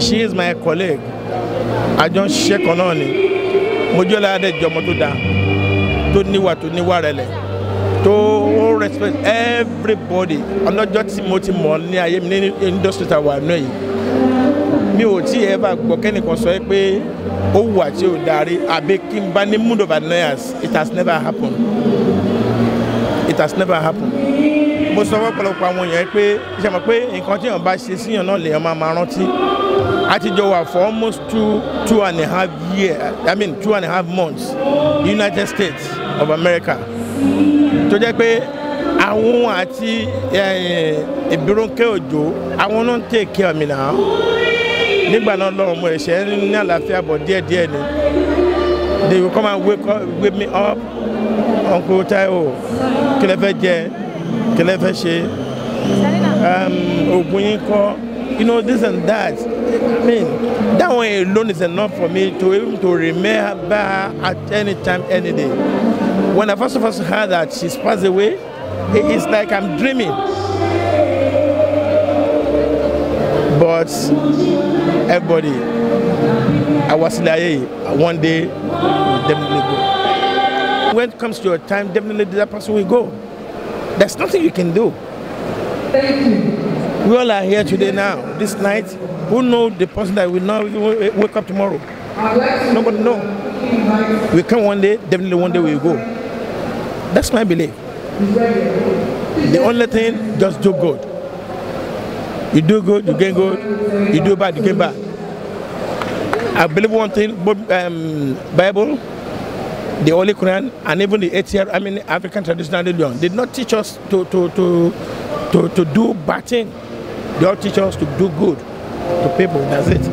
she is my colleague àjọ ń ṣiṣẹ́ kan náà ni Mojíọ́lá adéjọ́ ọmọ tó dáa tó níwà tó níwà rẹ̀lẹ̀ tó respect everybody ọlọ́jọ́ tí mo ti mọ̀ ní ayé mi ní industry ta wà náà yìí mi ò tí ẹ bá gbọ́ kẹ́nìkan sọ pé ó wà tí ò darí àbí kí n bá ní mood of annoyance it has never happened it has never happened mo sọ fọ́pọ̀lọpọ̀ àwọn èèyàn pé ṣe mọ̀ pé nǹkan tí èèyàn bá ṣe síyàn náà lèèyàn máa máa rántí a ti jọ wà for almost two two and a half year I mean two and a half months United States of America tó jẹ́ pé àwọn àti ìbírúnkẹ́ òjò àwọn náà ń take care mi náà nígbà náà lọ́rùn mo ẹ̀ṣẹ̀ ní àlàáfíà bọ̀ díẹ̀díẹ̀ ni they will come and wake, up, wake me up uncle Taiwo kí lè fẹ́ jẹ kí lẹ fẹ́ ṣe oògùn yín kọ́ you know this and that i mean that one alone is enough for me to even to remember her at any time any day when i first first heard that she's passed away it is like i'm dreaming but everybody I was like, one day definitely go when it comes to your time definitely that person will go. There's nothing you can do. Thank you. We all are here today now, this night. Who know the person that will not wake up tomorrow? Nobody know. We come one day, definitely one day we will go. That's my belief. The only thing, just do good. You do good, you get good. You do bad, you get bad. I believe one thing, but um, Bible, the Holy Quran, and even the ATR, I mean African traditional religion, did not teach us to, to, to, to, to do bad thing. They all teach us to do good to people. That's it.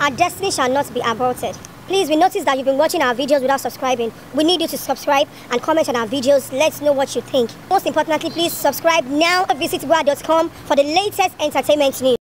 Our destiny shall not be aborted. Please, we notice that you've been watching our videos without subscribing. We need you to subscribe and comment on our videos. Let's know what you think. Most importantly, please subscribe now. Visit Gua.com for the latest entertainment news.